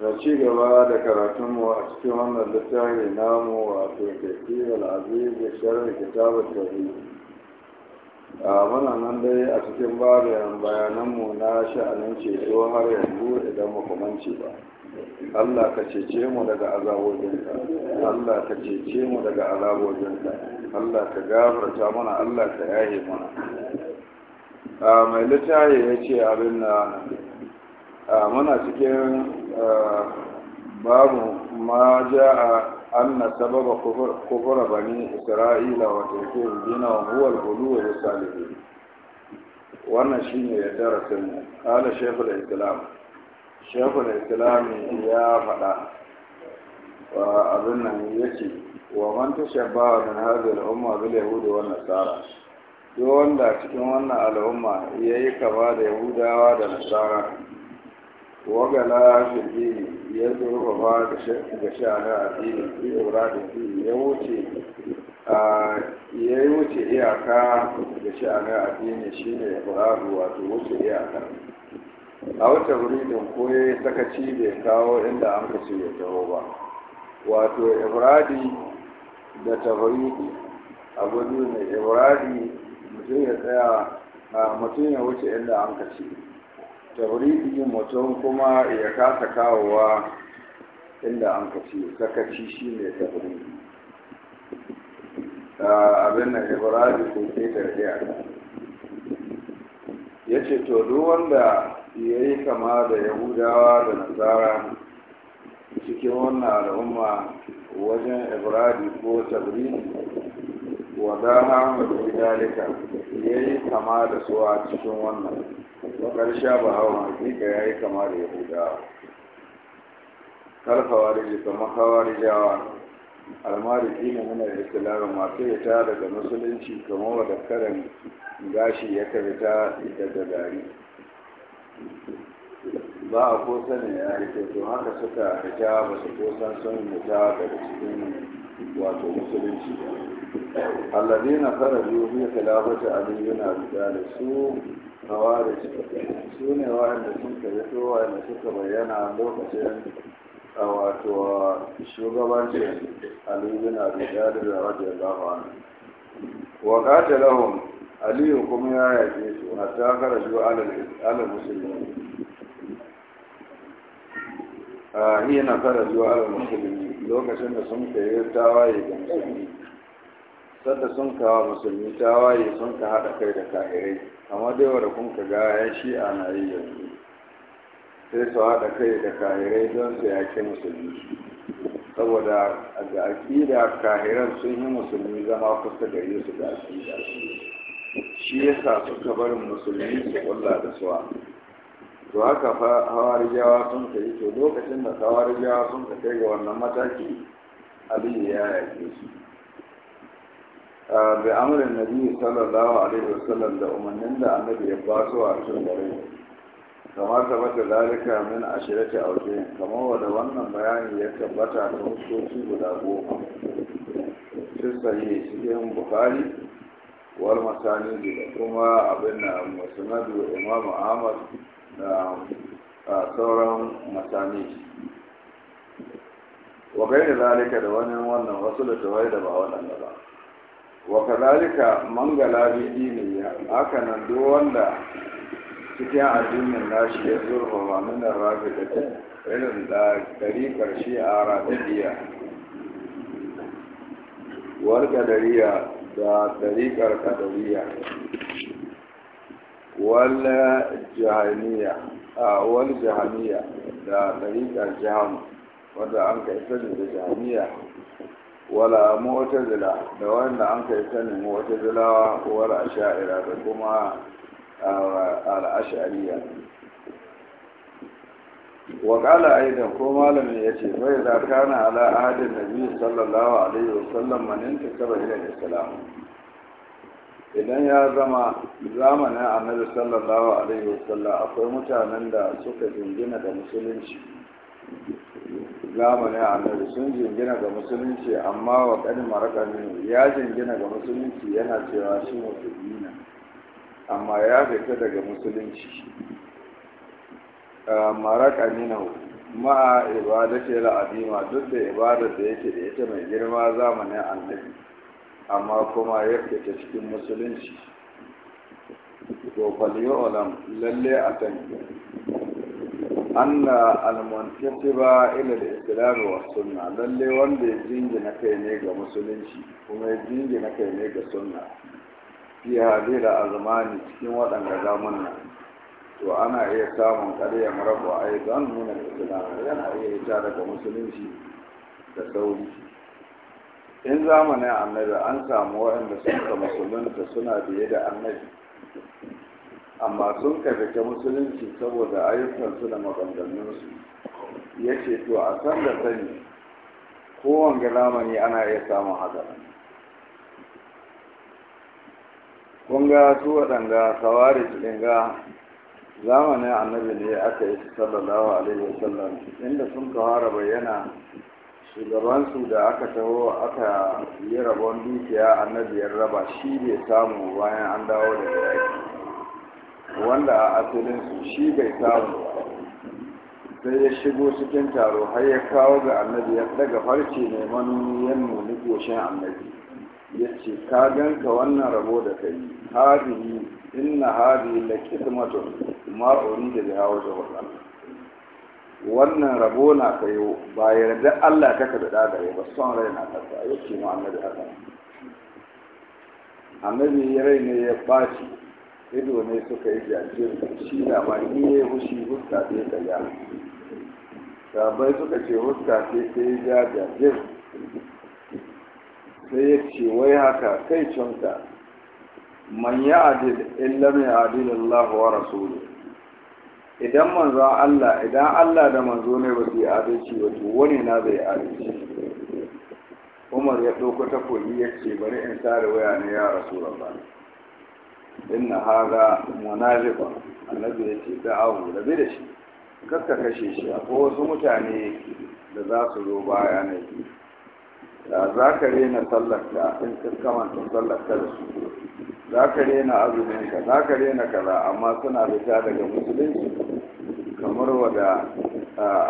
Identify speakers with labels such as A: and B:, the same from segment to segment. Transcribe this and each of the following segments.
A: da ci gaba da karatunmu a cikin wannan littafi namu turkaki da al'aziz da sharar kitabar tauhid a mana nan dai a cikin bayan bayananmu na sha'anin ceto har yanzu idan makamanci ba Allah ka cece mu daga azabojinka Allah ka cece mu daga azabojinka Allah ka gafarta mana Allah ka yaye mana a mai littafi ya ce abin na muna cikin babu ma a anna sababa kufra bani isra'ila wa tawfiq dinahum huwa al-ghulu wa salihin wannan shine ya darasin mu qala shaykhul islam shaykhul islam ya faɗa wa abin nan yace wa man tashabba min hadhihi al-umma bil yahudi wa nasara duk wanda cikin wannan al'umma yayi kama da yahudawa da nasara wagala shi dini ya zurfafa ga sha'anin addini fi da fi ya wuce ya yi wuce iyaka da sha'anin addini shine ibrahim wato wuce iyaka a wata wuridin ko ya yi sakaci da ya kawo inda an kace ya taho ba wato Ibradi da tabariki a gudu ne Ibradi mutum ya tsaya mutum ya wuce inda an kace tauriɗin mutum kuma ya kasa kawowa inda an kaci sakaci shi ne tauriɗi abin nan ibrahim ko ke da ya ce to duk wanda ya yi kama da yahudawa da nasara cikin wannan al'umma wajen ibrahim ko tabridi wa da mai dalika ya yi kama da su cikin wannan wakar sha ba hawa hakika ya yi kama da yahudawa kar hawariji kamar hawarijawa almariki ne muna islam masu fita daga musulunci kamar wadda karin gashi ya karita daga gari ba a ko sani ya rike to haka suka fita ba su ko san sun fita daga cikin wato musulunci ba الذين خرجوا في خلافة علي بن أبي ne خوارج sun وأن سنك يتو suka bayyana بيانا لوكسين wato shugabanci aliyu na rijalar da wajen zafawa wa kata lahun aliyu kuma ya yake su hatta kara shi ala musulmi a hiyar na zuwa ala musulmi lokacin da sun kayi tawaye ga musulmi sadda sun kawo musulmi tawaye sun ka haɗa kai da kahirai amma dai wanda kun ka ga ya shi a yi yanzu sai su haɗa kai da kahirai don su yaƙi musulmi saboda ga aƙida kahiran sun yi musulmi zama kusa gare su da aƙida shi ya sa suka barin musulmi su kulla da suwa to haka fa hawarijawa sun ka yi to lokacin da hawarijawa sun ka kai ga wannan mataki abin ya yaƙe su bi amurin nabi sallallahu alaihi wasallam da umarnin da annabi ya ba su a cikin dare kama tabbata dalika min ashirati aure kama wanda wannan bayani ya tabbata ta hukoki guda goma sun sahihi cikin bukhari wal masani da kuma abin na musnadu imam ahmad da sauran masani wa gaira zalika da wani wannan wasu da tawai da ba waɗanda ba wa kazalika mangala bi diniya ya haka nan duk wanda cikin addinin nashi ya zurfa ba da ta irin da karshe a rafidiya wal qadariya da dariƙar qadariya wal jahaniya a wal jahaniya da dariƙar jahan wanda an kai sani da jahaniya wala mu'tazila da wanda an kai sanin mu'tazilawa wala asha'ira da kuma al ash'ariya wa qala aidan ko malamin yace bai da kana ala ahadin nabi sallallahu alaihi wasallam man intakaba ila islam idan ya zama zamanin annabi sallallahu alaihi wasallam akwai mutanen da suka jingina da musulunci zamanin annabi sun jingina ga musulunci amma wa kadin maraƙamin ya jingina ga musulunci yana cewa shi musulmi amma ya fita daga musulunci ah, maraƙamin ma'a ibadati la'adima, duk da ibadar da yake da ita mai girma zamanin annabi amma kuma ya fita cikin musulunci to faliyo olam lalle a tanki أن المنتسب إلى الإسلام والسنة للي وند يجين نكي نيجا مسلمشي وما يجين نكي نيجا سنة في هذه الأزمان تكين ودن غزامنا وأنا إيه سامن قرية مربع أيضا من الإسلام لأن إيه جارك مسلمشي تسولي in zamanin annabi an samu waɗanda suka musulunta suna biye da amma sun karkace musulunci saboda ayyukansu da maganganunsu ya ce to a san da sani kowanne zamani ana iya samun haka kun ga su waɗanda sawari cikin ga zamanin annabi ne aka yi sallallahu alaihi wasallam inda sun kawara bayyana shugabansu da aka taho aka yi rabon dukiya annabi ya raba shi bai samu bayan an dawo daga yaki wanda a asalin su shi bai samu sai ya shigo cikin taro har ya kawo ga annabi ya daga farce neman yan nuni goshen annabi ya ce ka ganka wannan rabo da kai yi inna hadihi la kismatun da da hawa da wata. wannan rabo na kayo ba yarda Allah kaka da gare ba son rai na kasa yake mu annabi haka annabi rai ne ya ɓaci. ido ne suka yi jajir shi na ma ni ya hushi huska ce ta ya sabai suka ce huska ce ta yi ja jajir sai ya ce wai haka kai cunka man ya adil illa mai adil Allah wa rasulu idan manzo Allah idan Allah da manzo ne ba su yi adalci ba to wani na zai adalci Umar ya ɗauko takobi ya ce bari in sare waya ne ya rasu rabani inna haga munafiqa annabi ya ce da awu da shi kakka kashe shi ko wasu mutane da za su zo baya ne da za ka rena sallarka in ka kamanta sallarka da su za ka rena azuminka za ka rena kaza amma suna fita daga musulunci kamar wada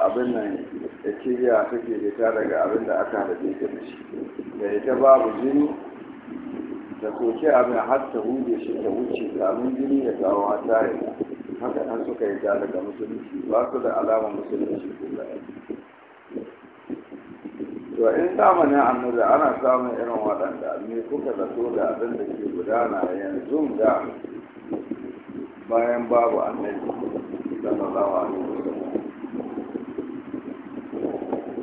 A: abin nan ya kiriya suke fita daga abin da aka hada da shi da ita babu jini da soke abin har ta hude shi ta wuce kamun jini ya kawo hatari haka an suka yi da daga musulunci ba su da alama musulunci kula to in zamanin annabi ana samun irin waɗanda me kuka so da abin da ke gudana yanzu da bayan babu annabi sallallahu alaihi wasallam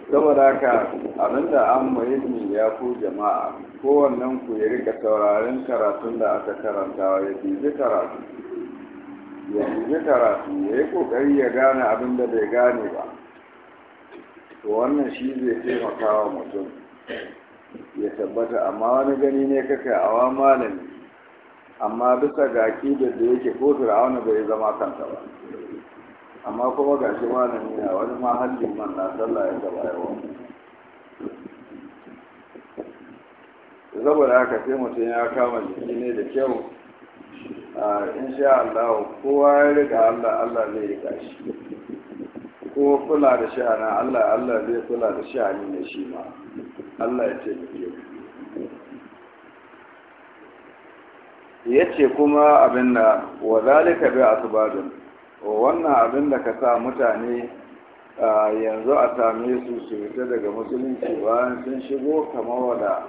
A: saboda haka abinda an mayi ya ko jama'a kowannen ku ya rika sauraren karatun da aka karantawa ya bibi karatu ya bibi karatu ya yi kokari ya gane abin da bai gane ba to wannan shi zai taimaka wa mutum ya tabbata amma wani gani ne kaka awa malami amma bisa ga akidar da yake ko wani bai zama kanta ba amma kuma gashi malami na wani ma man na sallah ya gaba yawa saboda haka sai mutum ya kama jiki ne da kyau in sha Allah kowa ya riga Allah Allah zai riga shi ko kula da sha'ana Allah Allah zai kula da sha'ani ne shi ma Allah ya ce ya ce kuma abin da wa zalika bi asbabin wannan abin da ka sa mutane yanzu a same su su fita daga musulunci bayan sun shigo kamar wada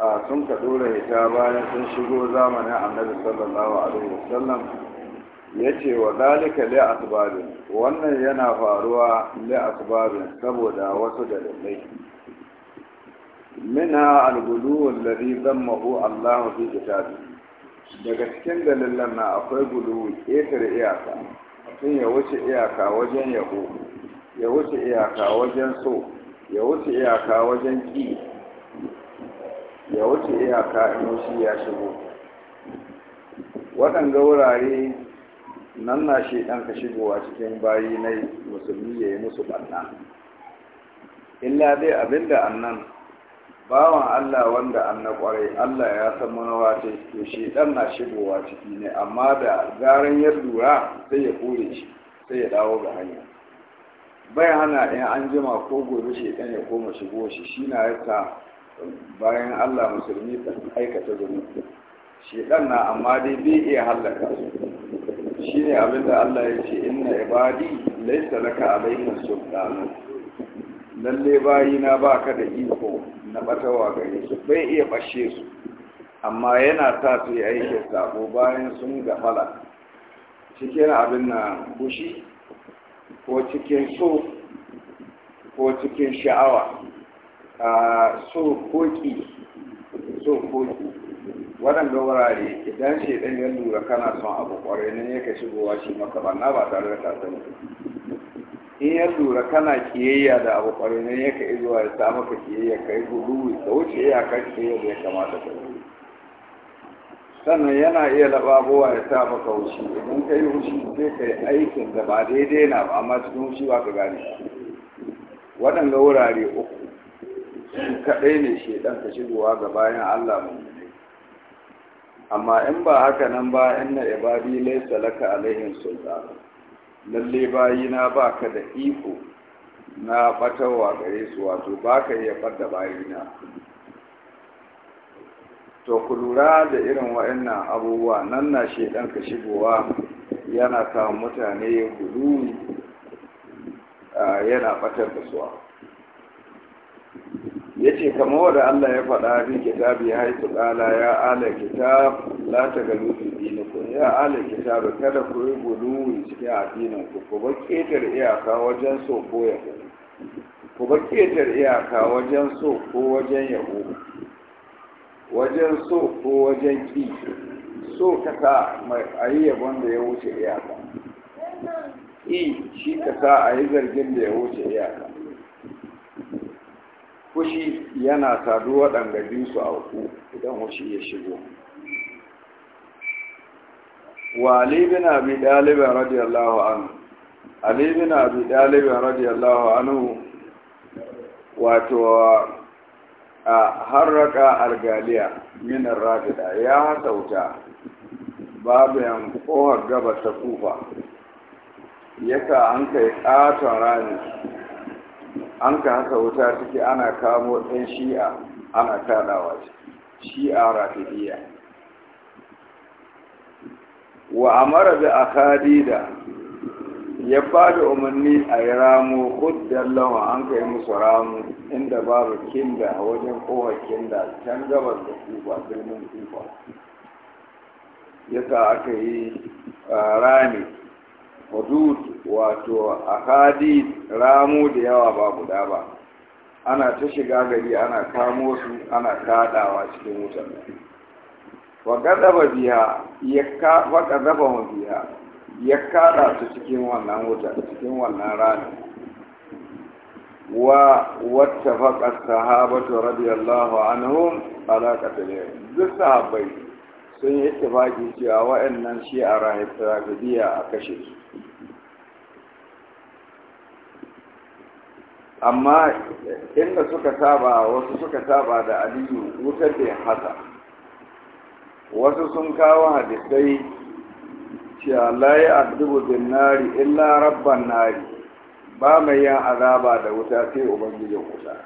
A: a sun ka dora hita bayan sun shigo zamanin annabi sallallahu alaihi wasallam ya ce wa dalika li asbabin wannan yana faruwa li asbabin saboda wasu dalilai al الغلو alladhi ذمه Allah fi كتابه daga cikin dalilan na akwai gulu ƙetare iyaka mutum ya wuce iyaka wajen yabo ya wuce iyaka wajen so ya wuce iyaka wajen Ki. ya wuce iyaka shi ya shigo waɗanda wurare nan na shi ɗan ka shigowa cikin bayi na musulmi ya yi musu ɓanna illa dai abin abinda annan bawan Allah wanda an na kwarai Allah ya san manawa ce to shi ɗan na shigowa ciki ne amma da garan ya lura sai ya kore shi sai ya dawo ga hanya bai hana in an jima ko gobe shi ɗan ya koma shigo shi shi na yasa bayan Allah musulmi kan aikata zunubi shedan na amma dai bai iya hallaka su shi ne abinda Allah ya ce inna ibadi laisa laka alaihim sultanu lalle bayina ba ka da iko na batawa gare su bai iya bashe su amma yana sa su yi aikin sabo bayan sun gafala cikin abin na bushi ko cikin so ko cikin sha'awa so koki so koki waɗanda wurare idan shaidan ya lura kana son abu kwarai nan ya ka shigowa shi maka banna ba tare da tasiri in ya lura kana kiyayya da abu kwarai nan ya ka izuwa ya sa maka kiyayya ka yi gudu da wuce ya ka kiyayya da ya kamata ka yi sannan yana iya lababowa ya sa maka wuce idan ka yi wuce sai ka yi aikin da ba daidai na ba amma cikin wuce ba ka gane waɗanda wurare uku kaɗai ne shaidan ka shigowa ga bayan Allah mun amma in ba haka nan ba inna ibadi laysa laka alaihim sultan lalle bayina baka da iko na fatawa gare su wato baka iya fadda bayina to ku lura da irin wa'annan abubuwa nan na shedan ka shigowa yana kawo mutane gudu yana ɓatar da suwa yace kamar wanda Allah ya faɗa bi kitabi haitu ƙala ya ala kitab la galu fi dinku ya ala kitab kada ku yi gulu cikin addinin ku ku ba ketar iyaka wajen so ko yahu ku ba ketar iyaka wajen so ko wajen yahu wajen so ko wajen ki so kasa mai ayi yabon da ya wuce iyaka i shi kasa ayi zargin da ya wuce iyaka fushi yana sadu waɗanda biyu su auku idan fushi ya shigo wa ali bin abi radiyallahu anhu ali bin abi radiyallahu anhu wato a harraka algaliya minar rafida ya hasauta babu yan kohar gaba ta kufa yasa an kai ƙaton rani an ka haka wuta take ana kamo ɗan shi'a ana kaɗawa shi'a rafidiyya wa amara da akadida ya faɗi umarni a yi ramu huddan lawa an ka yi musu ramu inda babu kinda wajen kowa kinda can gabas da kuba birnin kuba yasa aka yi ah, rami hudud wato ahadith ramu da yawa ba guda ba ana ta shiga gari ana kamo su ana kadawa cikin wutar wa gadaba biya ya wa mu biya ya kada su cikin wannan wuta cikin wannan rana wa wattafaqa sahabatu radiyallahu anhum ala katale, duk sahabbai sun yi ittifaki cewa wa'annan shi'a rahifiyya a kashe su amma inda suka saba wasu suka saba da aliyu wutar da ya haka wasu sun kawo hadisai cewa laye a bin nari illa rabban nari ba mai yin azaba da wuta sai ubangijin wuta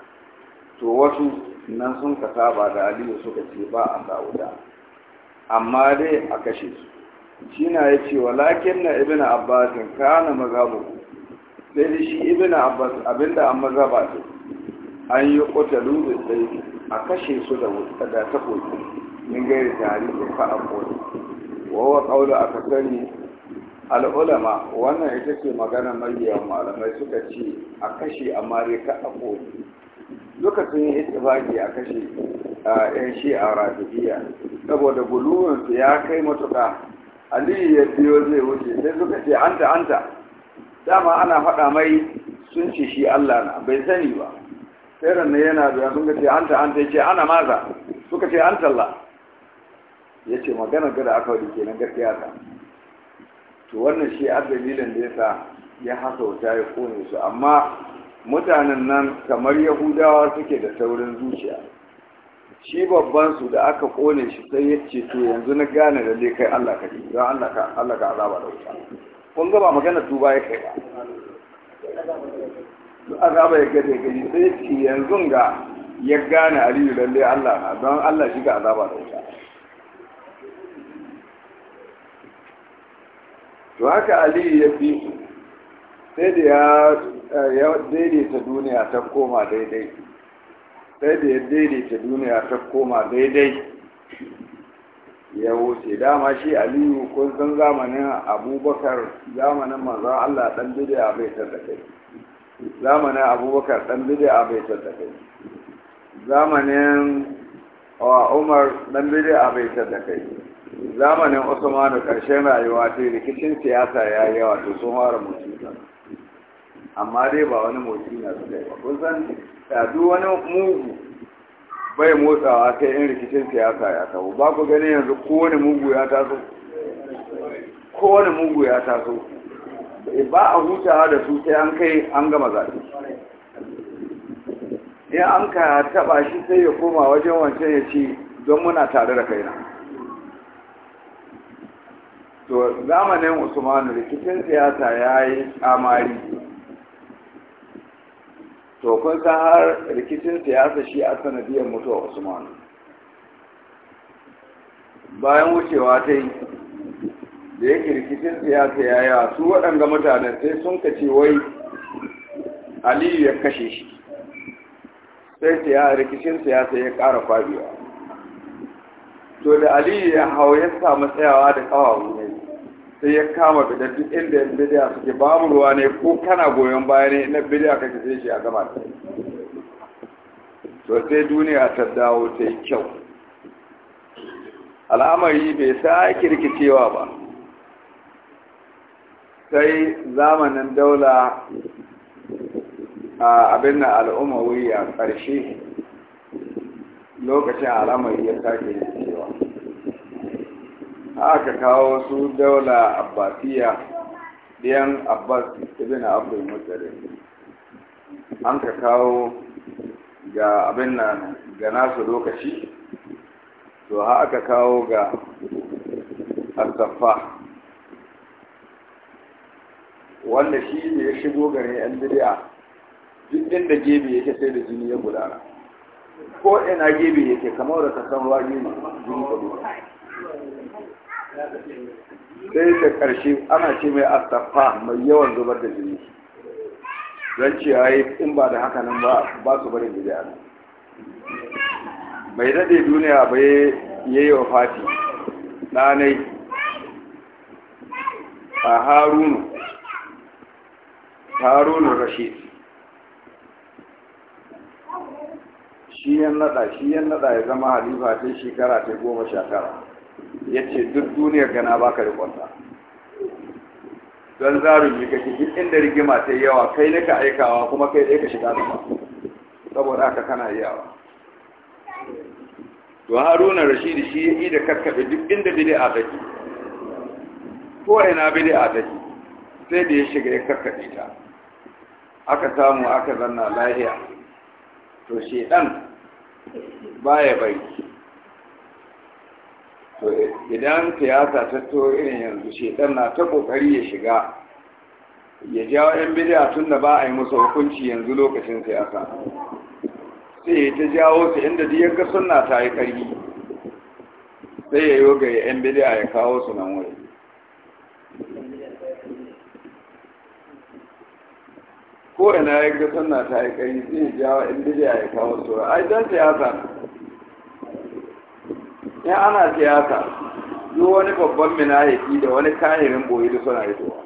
A: to wasu nan sun ka saba da aliyu suka ce ba a sa wuta amma dai a kashe su shi na ya ce walakin na ibina abbasin kana mazabu sai da shi ibn abbas abinda an maza ba su an yi kotalu da sai a kashe su da wuta da takobi min gairi tari da fa akoli wawa kaula aka sani al'ulama wannan ita ce magana mabiyan malamai suka ce a kashe amma dai ka akoli lokacin yin itibaki a kashe yan shi a rafiya saboda guluwansu ya kai matuka aliyu ya biyo zai wuce sai suka ce anta anta dama ana faɗa mai sun ce shi Allah na bai sani ba sai ranar yana da sun ce anta anta ce ana maza suka ce an talla ya ce magana gada aka wadda kenan gaskiya ta to wannan shi a dalilin da ya sa ya haka wuta ya kone su amma mutanen nan kamar yahudawa suke da saurin zuciya shi babban su da aka kone shi sai ya ce to yanzu na gane da kai Allah ka ji don Allah ka azaba da wuta kun gama ba magana tuba ya kai ba azaba ya gade sai ce yanzu ga ya gane aliyu lalle Allah na don Allah shi ga azaba da wuta to haka aliyu ya fi sai da ya daidaita duniya ta koma daidai sai da ya daidaita duniya ta koma daidai ya wuce dama shi aliyu kun san zamanin abubakar zamanin manzon allah dan bidiya bai da kai zamanin abubakar dan bidiya bai da kai zamanin umar dan bidiya bai da kai zamanin usmanu karshen rayuwa ta rikicin siyasa ya yi yawa to sun fara mutunta amma dai ba wani motsi na su kai ba kun san duk wani mugu bai motsawa sai in rikicin siyasa ya tabo ba ku gani yanzu kowane mugu ya taso kowane mugu ya taso ba a hutawa da su sai an kai an gama zaɓe in an ka taɓa shi sai ya koma wajen wancan ya ce don muna tare da kaina to zamanin usmanu rikicin siyasa ya yi tsamari to kun san har rikicin siyasa shi a sanadiyar mutuwa usman bayan wucewa ta yi da yake rikicin siyasa ya yawa su waɗanda mutanen sai sun kace wai aliyu ya kashe shi sai rikicin siyasa ya ƙara fabiwa, to da aliyu ya hau ya samu tsayawa da ƙawa ne sai ya kama bidan inda yan bidiya suke babu ruwa ne ko kana goyon baya ne na bidiya kake sai shi a gama da to sai duniya ta dawo ta yi kyau al'amari bai sake rikicewa ba sai zamanin daula a abin na al'umma wuri a ƙarshe lokacin al'amari ya sake aka kawo su daula abbasiya ɗiyan abbas ibn abdul muttalib an ka kawo ga abin nan ga nasu lokaci to ha aka kawo ga asafa wanda shi ne ya shigo gare yan bid'a duk inda gebe yake sai da jini ya gudana ko ina gebe yake kamar da kasan
B: ruwa jini ko sai da
A: karshe ana ce mai astafa mai yawan zubar da jini don cewa in ba da haka nan ba ba su barin bid'a Mai daɗe duniya ba ya yi wa fati ɗanai a harunu harunu rashid shi yan naɗa shi yan naɗa ya zama halifa ta shekara ta goma sha tara ya ce duk duniyar gana ba ka rikonta don zarun yi kake duk inda rigima ta yi yawa kai ne ka aikawa kuma kai ɗaya ka shiga zama saboda haka kana yawa to haruna rashidi shi ya yi da kakkaɓe duk inda a take ko ina a take sai da ya shiga ya kakkaɓe ta aka samu aka zanna lahiya to ɗan baya bai to idan siyasa ta to irin yanzu shedan na ta kokari ya shiga ya jawo yan bid'a tun da ba a yi musu hukunci yanzu lokacin siyasa sai ta jawo su inda diyar yanka sunna ta yi karfi sai ya yi ga yan bid'a ya kawo su nan wuri ko ina ya ga sunna ta yi karfi sai ya jawo yan bid'a ya kawo su ai dan siyasa in ana siyasa duk wani babban minahiki da wani kahirin boye da suna hitowa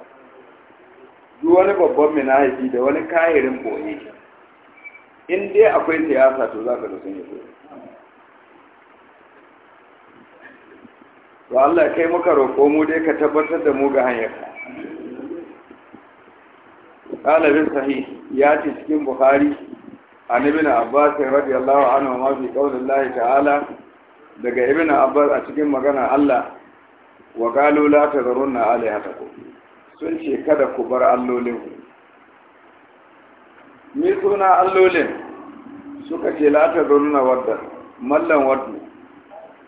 A: duk wani babban minahiki da wani kahirin boye in dai akwai siyasa to za ka da sun hitowa to Allah kai muka roƙo mu dai ka tabbatar da mu ga hanyar ɗalibin sahih ya ce cikin buhari an ibn abbas radiyallahu anhu ma fi qaulin Allah ta'ala daga ibn abbas a cikin magana Allah wa qalu la tazarunna alihatakum sun ce kada ku bar allolin mi suna allolin suka ce la tazarunna wadda mallan wadda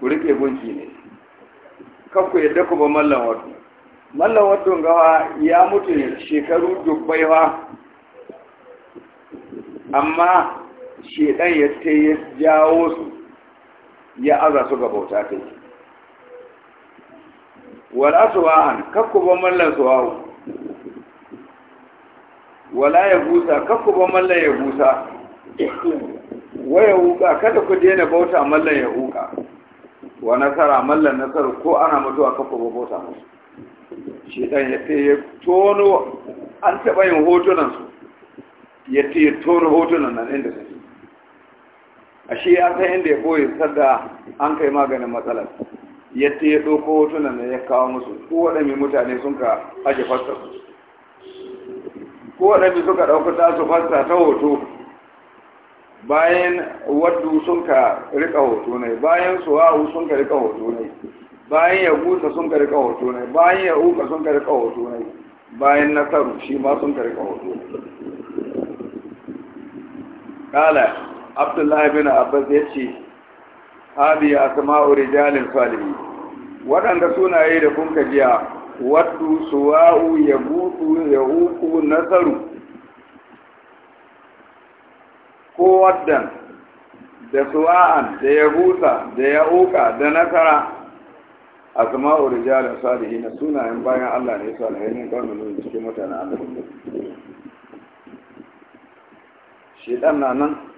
A: ku rike gunki ne kar ku yadda ku ba mallan wadda mallan wadda gawa ya mutu shekaru dubbai fa amma shedan ya ce ya jawo su ya aza su ga bauta kai wal aswahan ba mallan suwahu wala ya busa ba mallan ya busa waya huka kada ku daina bauta mallan ya huka wa nasara mallan nasaru ko ana mutuwa ba bauta musu shi dan ya ce tono an taɓa yin hotunan su ya ce tono hotunan nan inda suke ashe ya san inda ya boye sadda an kai maganin matsalar yadda ya ɗauko hotunan da ya kawo musu ko waɗanne mutane sun ka aje fassar ko waɗanne suka ɗauka ta su fassa ta hoto bayan waddu sun ka riƙa hoto ne bayan suwahu sun ka riƙa hoto ne bayan ya gusa sun ka riƙa hoto ne bayan ya uka sun ka riƙa hoto ne bayan nasaru shi ma sun ka riƙa hoto ne abdullahi bin abbas ya ce a asma'u rijalin salihin waɗanda sunaye da kun kajiya wadda suwa'u ya butu ya huku nasaru ko waddan da suwa'an da ya buta da ya uka da nasara A asma'u rijalin salihin na sunayen bayan Allah ne salihin ne kawai mun cikin mutanen Shi ɗan na nan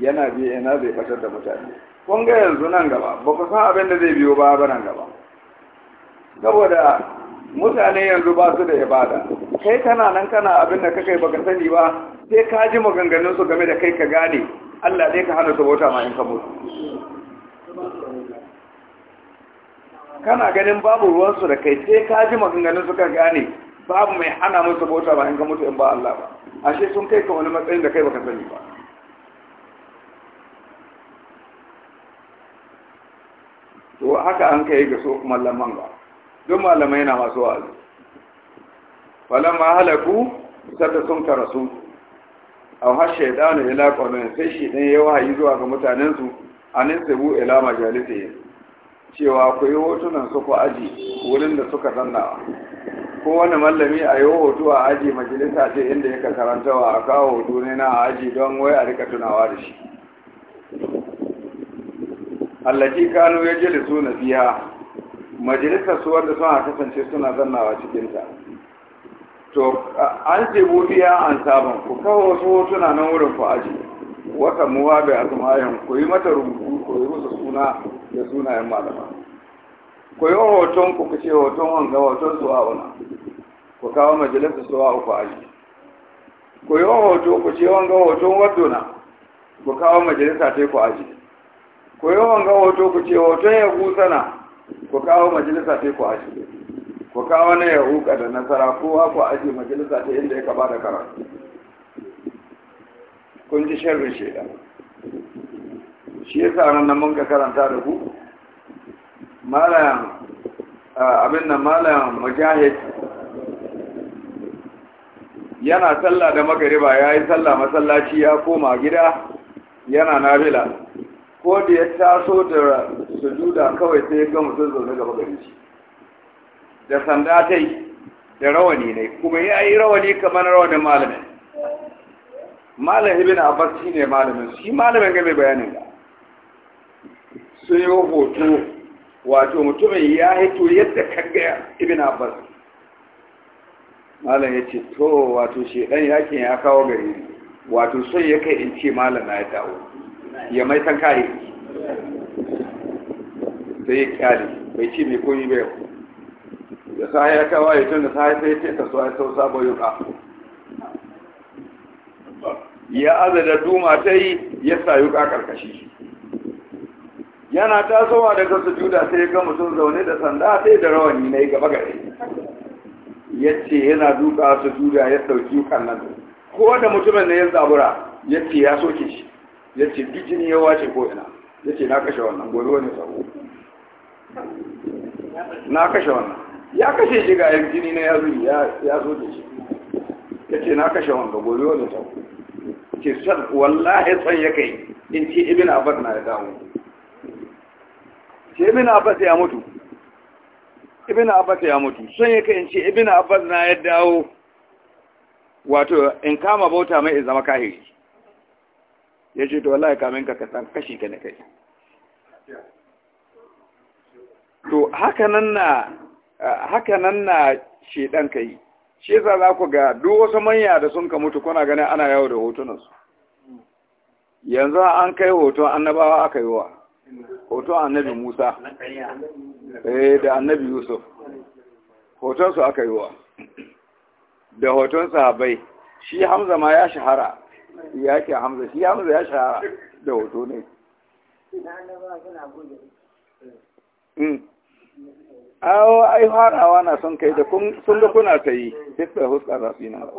A: yana bi yana zai fatar da mutane kun ga yanzu nan gaba ba ku san abin da zai biyo ba ba nan gaba saboda mutane yanzu ba su da ibada kai kana nan kana abin da kakai baka sani ba sai ka ji maganganun su game da kai ka gane Allah dai ka hana su bauta ma in ka mutu kana ganin babu ruwansu da kai sai ka ji maganganun su ka gane babu mai hana musu bauta ba in ka mutu in ba Allah ba ashe sun kai ka wani matsayin da kai baka sani ba haka an kai ga so mallaman ba. Don malamai na masu wa'azi ma halaku sadda sun karasu aw har shaydanu ila qawmin sai shi dan ya wahayi zuwa ga mutanen su anin sabu ila majalisi cewa ku yi hotunan su ku aji wurin da suka zanna ko wani mallami a yi hoto a aji majalisa ce inda yake karantawa a kawo hoto ne na aji don wai a rika tunawa da shi allati kanu na fiha majalisar su wanda suna kasance suna zannawa cikin ta to an ce biya an sabon ku kawo wasu hotuna nan wurin ku aji wata muwa a asmayan ku yi mata rubutu ku yi suna da sunayen malama ku yi hoton ku ku ce hoton wanga hoton su suwa'una ku kawo majalisar suwa'u ku aji ku yi hoto ku ce wanga hoton wadduna ku kawo majalisa ta ku aji ko yawan ga hoto ku ce wato ya sana ku kawo majalisa sai ku aji ku kawo na ya huka da nasara kowa ku aji majalisa ta inda ya kaba da karatu kun ji sharrin shaida. shi yasa nan mun ka karanta da ku malam abin nan malam mujahid yana sallah da magariba ya yi sallah masallaci ya koma gida yana nabila ko da ya taso da sujuda kawai sai ga mutum zaune gaba gari shi da sanda ta yi da rawani ne kuma ya yi rawani kamar rawanin malamin malam ibn abbas shi ne malamin shi malamin ga mai bayanin ga sun yi hoto wato mutumin ya hito yadda kaga ibn abbas malam ya ce to wato shedan yakin ya kawo gari wato son ya kai in ce malam na ya dawo ya mai san kare sai ya kyale bai ce mai koyi bai yau da sahi ya kawo ya tun da sahi sai ce ta suwa sau sabon yuka ya azada duma ta yi ya sa yuka karkashi yana tasowa daga su juda sai ga mutum zaune da sanda sai da rawani na yi gaba gare ya ce yana duka su juda ya sauki yukan nan ko da mutumin da ya zabura ya ce ya soke shi ya ce duk jini ya wace ko ina ya ce na kashe wannan gobe wani sabo na kashe wannan ya kashe shi ga yan jini na yazuri ya zo da shi ya ce na kashe wannan gobe wani sabo ce san wallahi son ya kai in ce ibn abar na ya damu ce ibn abbas ya mutu ibn abbas ya mutu son ya kai in ce ibn abar na ya dawo wato in kama bauta mai zama kahiri ya ce to wallahi kamin ka kasan kashi ka na kai to haka nan na haka nan na shedan kai shi yasa za ku ga duk wasu manya da sun ka mutu kuna ganin ana yawo da hotunansu yanzu an kai hoton annabawa aka yi wa hoton annabi musa eh da annabi yusuf hotonsu aka yi wa da hoton sahabbai shi hamza ma ya shahara ya ke hamza shi hamza ya shahara da hoto ne hmm. awo ai farawa na son kai da sun ga kuna ta yi da huska za su nan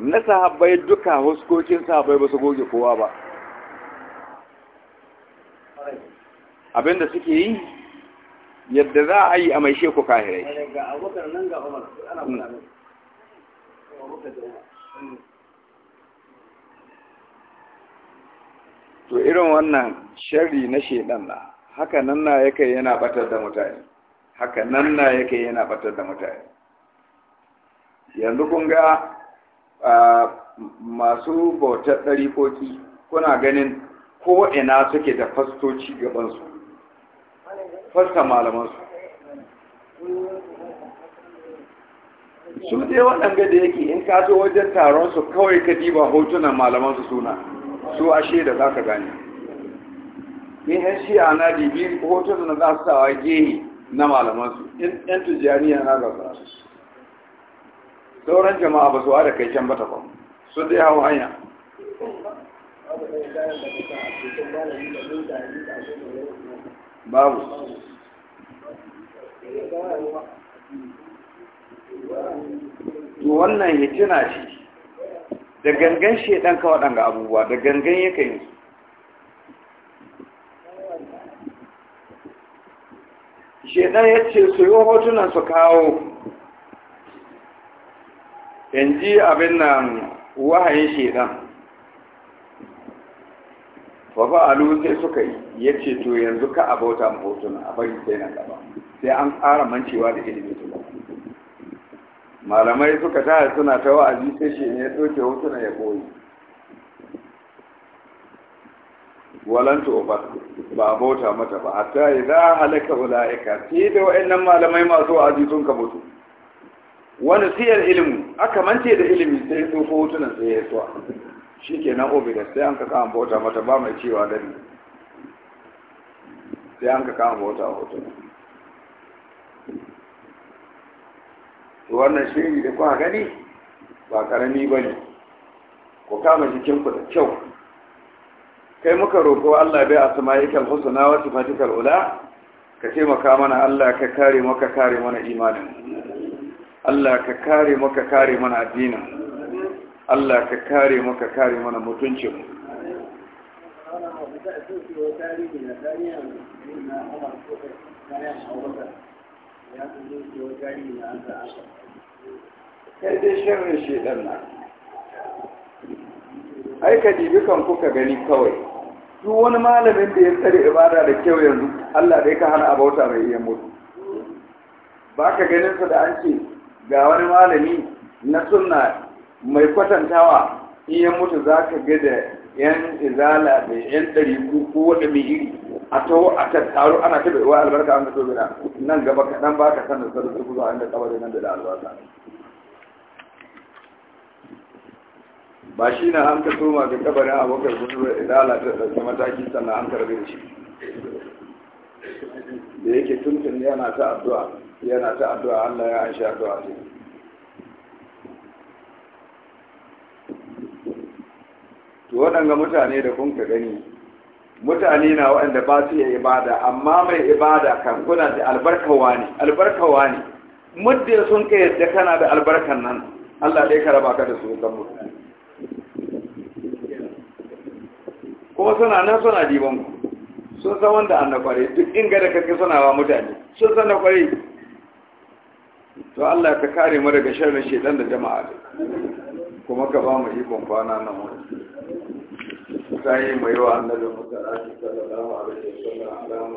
A: na sahabbai duka huskokin sahabbai ba su goge kowa ba abinda suke yi yadda za a yi a hmm. mai sheku kahirai to irin wannan shari na shedan na haka nan na yake yana batar da mutane haka nan na yake yana batar da mutane yanzu kun ga masu bautar ɗari koki kuna ganin ko ina suke da fastoci gabansu
B: faskan malamansu
A: su dai waɗanda da yake in ka zo wajen taron su kawai ka diba hotunan malamansu suna su ashe da za ka gani in yan shi'a na dibi hotunan da za su tawa gehe na malamansu in yan tujaniya na ga su sauran jama'a ba su da kai can ba ta ba sun dai hau hanya
B: babu to
A: wannan hitina ce da gangan shedan ka waɗanga abubuwa da gangan yake yi su shedan ya ce su yi hotunan su kawo yanzu abin nan wahayin shedan fa fa'alu sai suka yi ce to yanzu ka bauta mu hotuna a bari sai na gaba sai an ƙara mancewa da ilimi ba. malamai suka ta suna ta wa'azi sai shi ne ya ɗauke hotuna ya koyi walan tofa ba a bauta mata ba hatta a halaka ulaika sai da wa'annan malamai masu wa'azi sun ka mutu wani siyar ilimi aka mance da ilimi sai tsofa hotunan sai ya tsuwa shi ke nan obida sai an ka kama bauta mata ba mai cewa dani sai an ka kama bauta hoto wannan shiri da kuma gani ba karami ba ne ku kama jikinku da kyau kai muka roƙo Allah bai a sama'ikal na wasu fatikar ula ka ce maka mana Allah ka kare maka kare mana imanin Allah ka kare maka kare mana addinin Allah ka kare maka kare mana mutuncinmu kai dai shirin shaidan nan. ai kuka gani kawai duk wani malamin da ya tsari ibada da kyau yanzu Allah dai ka hana abauta mai iya mutu ba ka ganin su da an ce ga wani malami na suna. mai kwatantawa in ya mutu za ka ga da yan izala da yan ɗari ko kowane mai iri a taho a tattaro ana ta wa albarka an zato gina nan gaba kaɗan ba ka sanar sarki zuwa inda kabarin nan da albarka ba shi na an ka soma ga kabarin abokan gudu da izala ta ɗauki mataki sannan an karbe shi da yake tuntun yana ta addu'a yana ta addu'a Allah ya an sha addu'a sai. to waɗanga mutane da kun ka gani mutane na waɗanda ba su yi ibada amma mai ibada kan kuna da albarkawa ne albarkawa ne muddin sun ka yadda kana da albarkan nan Allah dai ka raba ka da su kan mutane kuma suna nan suna diban ku sun san wanda an na kware duk inga da kake suna wa mutane sun san na kware to Allah ka kare mu daga sharrin shedan da jama'a kuma ka ba mu ikon kwana nan wani ta yi mai wa annabi a sallallahu alaihi wasallam